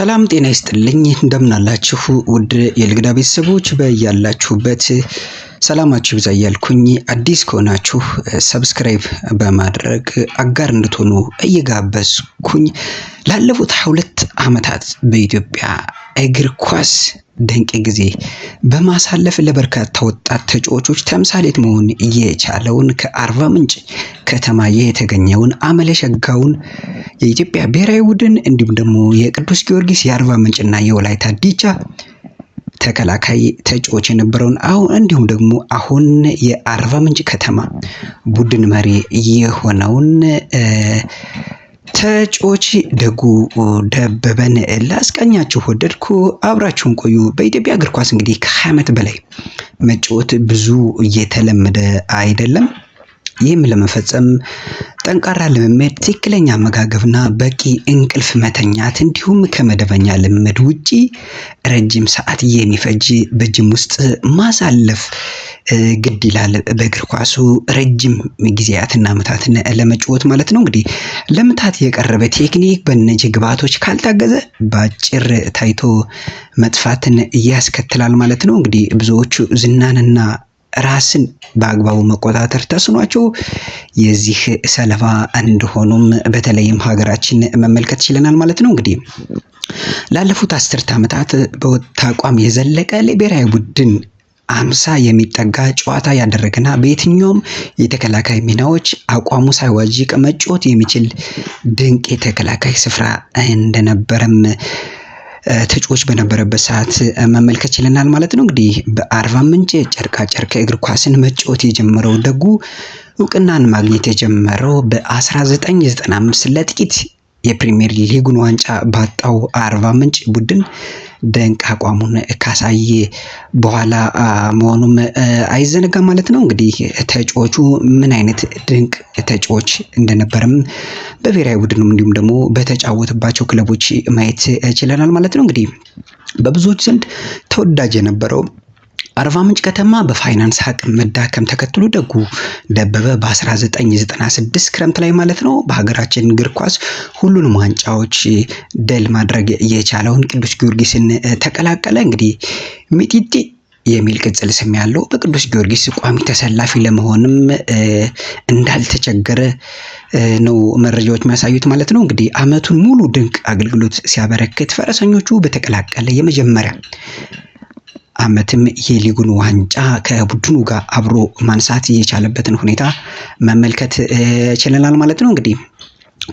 ሰላም ጤና ይስጥልኝ። እንደምናላችሁ ውድ የልግዳ ቤተሰቦች በያላችሁበት ሰላማችሁ ይብዛ እያልኩኝ አዲስ ከሆናችሁ ሰብስክራይብ በማድረግ አጋር እንድትሆኑ እየጋበዝኩኝ ላለፉት ሁለት ዓመታት በኢትዮጵያ እግር ኳስ ድንቅ ጊዜ በማሳለፍ ለበርካታ ወጣት ተጫዋቾች ተምሳሌት መሆን የቻለውን ከአርባ ምንጭ ከተማ የተገኘውን አመለ ሸጋውን የኢትዮጵያ ብሔራዊ ቡድን እንዲሁም ደግሞ የቅዱስ ጊዮርጊስ የአርባ ምንጭና የወላይታ ዲቻ ተከላካይ ተጫዋች የነበረውን አሁን እንዲሁም ደግሞ አሁን የአርባ ምንጭ ከተማ ቡድን መሪ የሆነውን ተጫዋች ደጉ ደበበን ላስቃኛችሁ ወደድኩ። አብራችሁን ቆዩ። በኢትዮጵያ እግር ኳስ እንግዲህ ከ20 ዓመት በላይ መጫወት ብዙ እየተለመደ አይደለም። ይህም ለመፈጸም ጠንካራ ልምምድ፣ ትክክለኛ አመጋገብና በቂ እንቅልፍ መተኛት እንዲሁም ከመደበኛ ልምምድ ውጪ ረጅም ሰዓት የሚፈጅ በጅም ውስጥ ማሳለፍ ግድ ይላል። በእግር ኳሱ ረጅም ጊዜያትና ምታትን ለመጫወት ማለት ነው። እንግዲህ ለምታት የቀረበ ቴክኒክ በእነዚህ ግብዓቶች ካልታገዘ በአጭር ታይቶ መጥፋትን ያስከትላል ማለት ነው። እንግዲህ ብዙዎቹ ዝናንና ራስን በአግባቡ መቆጣጠር ተስኗቸው የዚህ ሰለባ እንደሆኑም በተለይም ሀገራችን መመልከት ችለናል ማለት ነው። እንግዲህ ላለፉት አስርተ ዓመታት በወጥ አቋም የዘለቀ ብሔራዊ ቡድን አምሳ የሚጠጋ ጨዋታ ያደረገና በየትኛውም የተከላካይ ሚናዎች አቋሙ ሳይዋዥቅ መጫወት የሚችል ድንቅ የተከላካይ ስፍራ እንደነበረም ተጫዋች በነበረበት ሰዓት መመልከት ችለናል ማለት ነው። እንግዲህ በአርባ ምንጭ ጨርቃ ጨርቅ እግር ኳስን መጫወት የጀመረው ደጉ እውቅናን ማግኘት የጀመረው በ1995 ለጥቂት የፕሪሚየር ሊጉን ዋንጫ ባጣው አርባ ምንጭ ቡድን ድንቅ አቋሙን ካሳየ በኋላ መሆኑም አይዘነጋም ማለት ነው። እንግዲህ ተጫዋቹ ምን አይነት ድንቅ ተጫዋች እንደነበረም በብሔራዊ ቡድኑም እንዲሁም ደግሞ በተጫወተባቸው ክለቦች ማየት ችለናል ማለት ነው። እንግዲህ በብዙዎች ዘንድ ተወዳጅ የነበረው አርባ ምንጭ ከተማ በፋይናንስ አቅም መዳከም ተከትሎ ደጉ ደበበ በ1996 ክረምት ላይ ማለት ነው በሀገራችን እግር ኳስ ሁሉንም ዋንጫዎች ድል ማድረግ የቻለውን ቅዱስ ጊዮርጊስን ተቀላቀለ። እንግዲህ ሚጢጢ የሚል ቅጽል ስም ያለው በቅዱስ ጊዮርጊስ ቋሚ ተሰላፊ ለመሆንም እንዳልተቸገረ ነው መረጃዎች የሚያሳዩት ማለት ነው። እንግዲህ አመቱን ሙሉ ድንቅ አገልግሎት ሲያበረክት ፈረሰኞቹ በተቀላቀለ የመጀመሪያ ዓመትም የሊጉን ዋንጫ ከቡድኑ ጋር አብሮ ማንሳት የቻለበትን ሁኔታ መመልከት ችለናል ማለት ነው እንግዲህ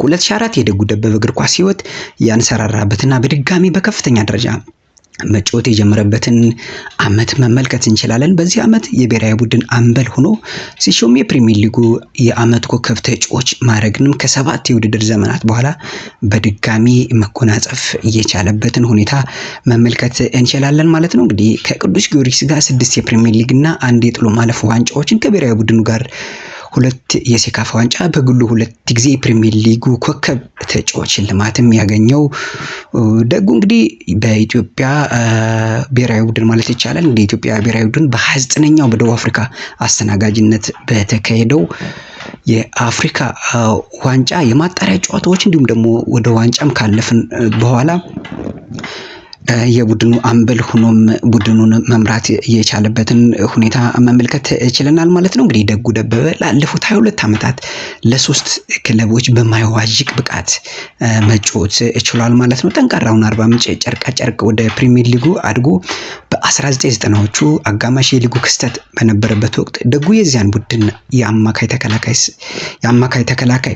2004 የደጉ ደበበ እግር ኳስ ህይወት ያንሰራራበትና በድጋሚ በከፍተኛ ደረጃ መጫወት የጀመረበትን አመት መመልከት እንችላለን። በዚህ አመት የብሔራዊ ቡድን አምበል ሆኖ ሲሾም የፕሪሚየር ሊጉ የአመት ኮከብ ተጫዋች ማድረግንም ከሰባት የውድድር ዘመናት በኋላ በድጋሚ መጎናጸፍ እየቻለበትን ሁኔታ መመልከት እንችላለን ማለት ነው። እንግዲህ ከቅዱስ ጊዮርጊስ ጋር ስድስት የፕሪሚየር ሊግ እና አንድ የጥሎ ማለፍ ዋንጫዎችን ከብሔራዊ ቡድኑ ጋር ሁለት የሴካፋ ዋንጫ በግሉ ሁለት ጊዜ የፕሪሚየር ሊጉ ኮከብ ተጫዋች ሽልማትም ያገኘው ደጉ እንግዲህ በኢትዮጵያ ብሔራዊ ቡድን ማለት ይቻላል እንግዲህ ኢትዮጵያ ብሔራዊ ቡድን በ በደቡብ አፍሪካ አስተናጋጅነት በተካሄደው የአፍሪካ ዋንጫ የማጣሪያ ጨዋታዎች እንዲሁም ደግሞ ወደ ዋንጫም ካለፍን በኋላ የቡድኑ አምበል ሆኖም ቡድኑን መምራት የቻለበትን ሁኔታ መመልከት ችለናል ማለት ነው። እንግዲህ ደጉ ደበበ ላለፉት ሁለት ዓመታት ለሶስት ክለቦች በማይዋዥቅ ብቃት መጫወት ችሏል ማለት ነው። ጠንካራውን አርባ ምንጭ ጨርቃ ጨርቅ ወደ ፕሪሚየር ሊጉ አድጎ በ1990ዎቹ አጋማሽ የሊጉ ክስተት በነበረበት ወቅት ደጉ የዚያን ቡድን የአማካይ ተከላካይ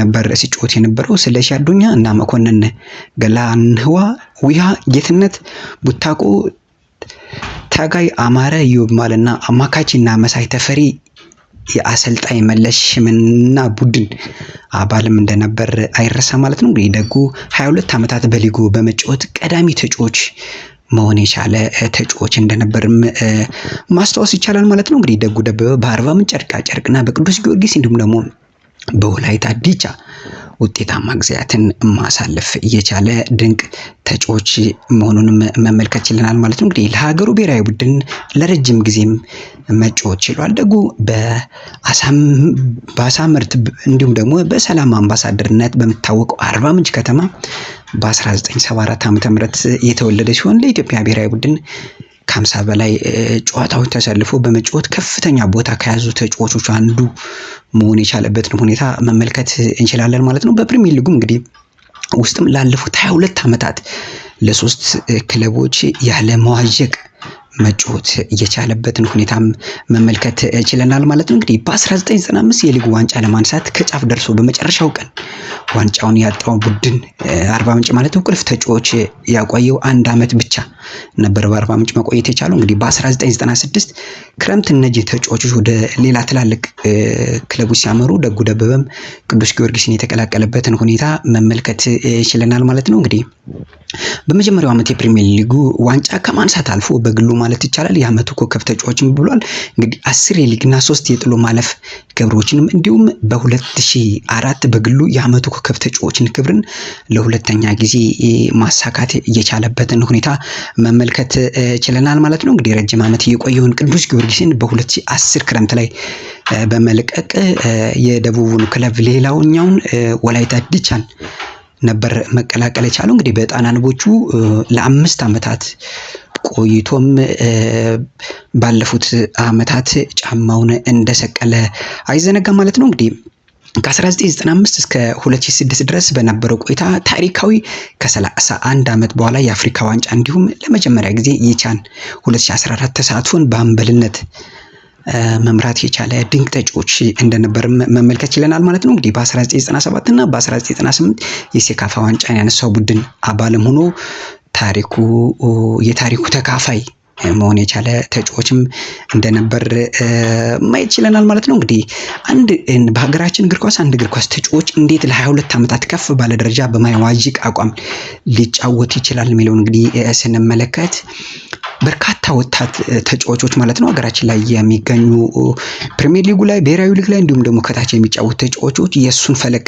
ነበር ሲጮት የነበረው ስለ አዱኛ እና መኮንን ገላንህዋ ውሃ ጌትነት ቡታቆ ታጋይ አማረ አማካች እና መሳይ ተፈሪ የአሰልጣኝ መለስ ሽምና ቡድን አባልም እንደነበር አይረሳ ማለት ነው። እንግዲህ ደጉ 22 ዓመታት በሊጉ በመጫወት ቀዳሚ ተጫዋች መሆን የቻለ ተጫዋች እንደነበርም ማስታወስ ይቻላል ማለት ነው። እንግዲህ ደጉ ደበበ በአርባ ምንጭ ጨርቃ ጨርቅና በቅዱስ ጊዮርጊስ እንዲሁም ደግሞ በወላይታ ዲቻ ውጤታማ ጊዜያትን ማሳለፍ እየቻለ ድንቅ ተጫዋች መሆኑንም መመልከት ችለናል ማለት ነው። እንግዲህ ለሀገሩ ብሔራዊ ቡድን ለረጅም ጊዜም መጫወት ችሏል። ደጉ በአሳ ምርት እንዲሁም ደግሞ በሰላም አምባሳደርነት በምታወቀው አርባ ምንጭ ከተማ በ1974 ዓ.ም የተወለደ ሲሆን ለኢትዮጵያ ብሔራዊ ቡድን ከ50 በላይ ጨዋታዎች ተሰልፎ በመጫወት ከፍተኛ ቦታ ከያዙ ተጫዋቾች አንዱ መሆን የቻለበትን ሁኔታ መመልከት እንችላለን ማለት ነው። በፕሪሚየር ሊጉም እንግዲህ ውስጥም ላለፉት 22 ዓመታት ለሶስት ክለቦች ያለ መዋዠቅ መጫወት የቻለበትን ሁኔታም መመልከት ችለናል ማለት ነው። እንግዲህ በ1995 የሊጉ ዋንጫ ለማንሳት ከጫፍ ደርሶ በመጨረሻው ቀን ዋንጫውን ያጣው ቡድን አርባ ምንጭ ማለት ቁልፍ ተጫዋች ያቆየው አንድ ዓመት ብቻ ነበር በአርባ ምንጭ መቆየት የቻለው። እንግዲህ በ1996 ክረምት እነዚህ ተጫዋቾች ወደ ሌላ ትላልቅ ክለቦች ሲያመሩ ደጉ ደበበም ቅዱስ ጊዮርጊስን የተቀላቀለበትን ሁኔታ መመልከት ችለናል ማለት ነው። እንግዲህ በመጀመሪያው ዓመት የፕሪሚየር ሊጉ ዋንጫ ከማንሳት አልፎ በግሉ ማለት ይቻላል የዓመቱ ኮከብ ተጫዋችም ብሏል። እንግዲህ አስር የሊግና ሶስት የጥሎ ማለፍ ክብሮችንም እንዲሁም በ2004 በግሉ የአመቱ ኮከብ ተጫዋችን ክብርን ለሁለተኛ ጊዜ ማሳካት የቻለበትን ሁኔታ መመልከት ችለናል ማለት ነው። እንግዲህ ረጅም ዓመት የቆየውን ቅዱስ ጊዮርጊስን በ2010 ክረምት ላይ በመልቀቅ የደቡቡን ክለብ ሌላውኛውን ወላይታ ዲቻን ነበር መቀላቀል የቻለው። እንግዲህ በጣና ንቦቹ ለአምስት ዓመታት ቆይቶም ባለፉት ዓመታት ጫማውን እንደሰቀለ አይዘነጋ ማለት ነው እንግዲህ ከ1995 እስከ 2006 ድረስ በነበረው ቆይታ ታሪካዊ ከ31 ዓመት በኋላ የአፍሪካ ዋንጫ እንዲሁም ለመጀመሪያ ጊዜ የቻን 2014 ተሳትፎን በአምበልነት መምራት የቻለ ድንቅ ተጫዋች እንደነበር መመልከት ችለናል ማለት ነው። እንግዲህ በ1997 እና በ1998 የሴካፋ ዋንጫን ያነሳው ቡድን አባልም ሆኖ ታሪኩ የታሪኩ ተካፋይ መሆን የቻለ ተጫዋችም እንደነበር ማየት ችለናል ማለት ነው። እንግዲህ አንድ በሀገራችን እግር ኳስ አንድ እግር ኳስ ተጫዋች እንዴት ለ22 ዓመታት ከፍ ባለ ደረጃ በማይዋዥቅ አቋም ሊጫወት ይችላል የሚለውን እንግዲህ ስንመለከት በርካታ ወጣት ተጫዋቾች ማለት ነው ሀገራችን ላይ የሚገኙ ፕሪሚየር ሊጉ ላይ ብሔራዊ ሊግ ላይ እንዲሁም ደግሞ ከታች የሚጫወቱ ተጫዋቾች የእሱን ፈለግ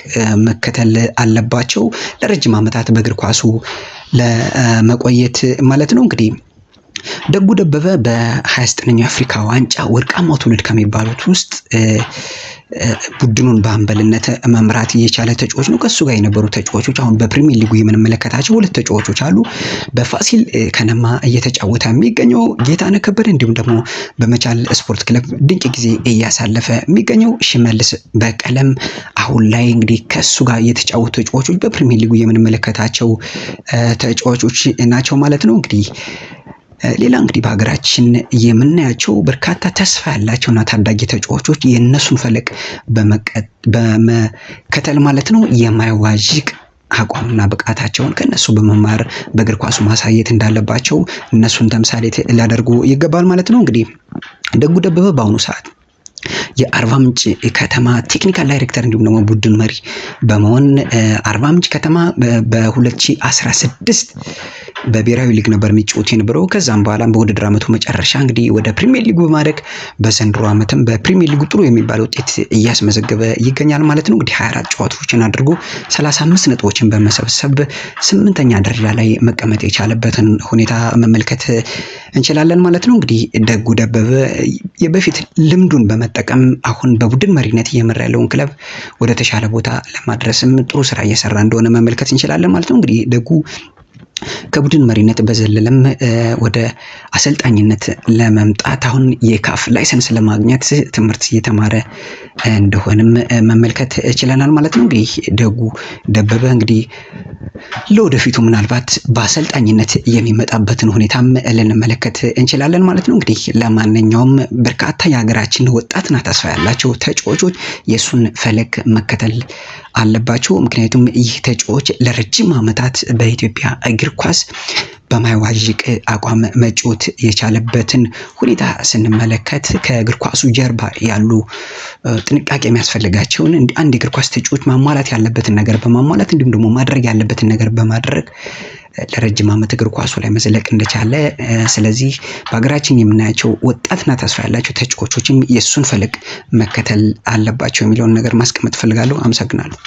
መከተል አለባቸው። ለረጅም ዓመታት በእግር ኳሱ ለመቆየት ማለት ነው እንግዲህ ደጉ ደበበ በ29ኛው የአፍሪካ ዋንጫ ወርቃማው ትውልድ ከሚባሉት ውስጥ ቡድኑን በአምበልነት መምራት እየቻለ ተጫዋች ነው። ከሱ ጋር የነበሩ ተጫዋቾች አሁን በፕሪሚየር ሊጉ የምንመለከታቸው ሁለት ተጫዋቾች አሉ። በፋሲል ከነማ እየተጫወተ የሚገኘው ጌታነህ ከበደ እንዲሁም ደግሞ በመቻል ስፖርት ክለብ ድንቅ ጊዜ እያሳለፈ የሚገኘው ሽመልስ በቀለም አሁን ላይ እንግዲህ ከሱ ጋር እየተጫወቱ ተጫዋቾች በፕሪሚየር ሊጉ የምንመለከታቸው ተጫዋቾች ናቸው ማለት ነው እንግዲህ ሌላ እንግዲህ በሀገራችን የምናያቸው በርካታ ተስፋ ያላቸውና ታዳጊ ተጫዋቾች የእነሱን ፈለግ በመከተል ማለት ነው የማይዋዥቅ አቋምና ብቃታቸውን ከእነሱ በመማር በእግር ኳሱ ማሳየት እንዳለባቸው እነሱን ተምሳሌ ሊያደርጉ ይገባል ማለት ነው። እንግዲህ ደጉ ደበበ በአሁኑ ሰዓት የአርባ ምንጭ ከተማ ቴክኒካል ዳይሬክተር እንዲሁም ደግሞ ቡድን መሪ በመሆን አርባ ምንጭ ከተማ በ2016 በብሔራዊ ሊግ ነበር የሚጫወት የነበረው። ከዛም በኋላም በውድድር ዓመቱ መጨረሻ እንግዲህ ወደ ፕሪሚየር ሊጉ በማደግ በዘንድሮ ዓመትም በፕሪሚየር ሊጉ ጥሩ የሚባል ውጤት እያስመዘገበ ይገኛል ማለት ነው። እንግዲህ 24 ጨዋታዎችን አድርጎ 35 ነጥቦችን በመሰብሰብ ስምንተኛ ደረጃ ላይ መቀመጥ የቻለበትን ሁኔታ መመልከት እንችላለን ማለት ነው። እንግዲህ ደጉ ደበበ የበፊት ልምዱን በመ በመጠቀም አሁን በቡድን መሪነት እየመራ ያለውን ክለብ ወደ ተሻለ ቦታ ለማድረስም ጥሩ ስራ እየሰራ እንደሆነ መመልከት እንችላለን ማለት ነው። እንግዲህ ደጉ ከቡድን መሪነት በዘለለም ወደ አሰልጣኝነት ለመምጣት አሁን የካፍ ላይሰንስ ለማግኘት ትምህርት እየተማረ እንደሆነም መመልከት ችለናል ማለት ነው። እንግዲህ ደጉ ደበበ እንግዲህ ለወደፊቱ ምናልባት በአሰልጣኝነት የሚመጣበትን ሁኔታም ልንመለከት እንችላለን ማለት ነው። እንግዲህ ለማንኛውም በርካታ የሀገራችን ወጣትና ተስፋ ያላቸው ተጫዋቾች የእሱን ፈለግ መከተል አለባቸው። ምክንያቱም ይህ ተጫዋች ለረጅም ዓመታት በኢትዮጵያ እግር ኳስ በማይዋዥቅ አቋም መጫወት የቻለበትን ሁኔታ ስንመለከት ከእግር ኳሱ ጀርባ ያሉ ጥንቃቄ የሚያስፈልጋቸውን አንድ የእግር ኳስ ተጫዋች ማሟላት ያለበትን ነገር በማሟላት እንዲሁም ደግሞ ማድረግ ያለበትን ነገር በማድረግ ለረጅም ዓመት እግር ኳሱ ላይ መዝለቅ እንደቻለ፣ ስለዚህ በሀገራችን የምናያቸው ወጣትና ተስፋ ያላቸው ተጫዋቾችም የእሱን ፈለግ መከተል አለባቸው የሚለውን ነገር ማስቀመጥ እፈልጋለሁ። አመሰግናለሁ።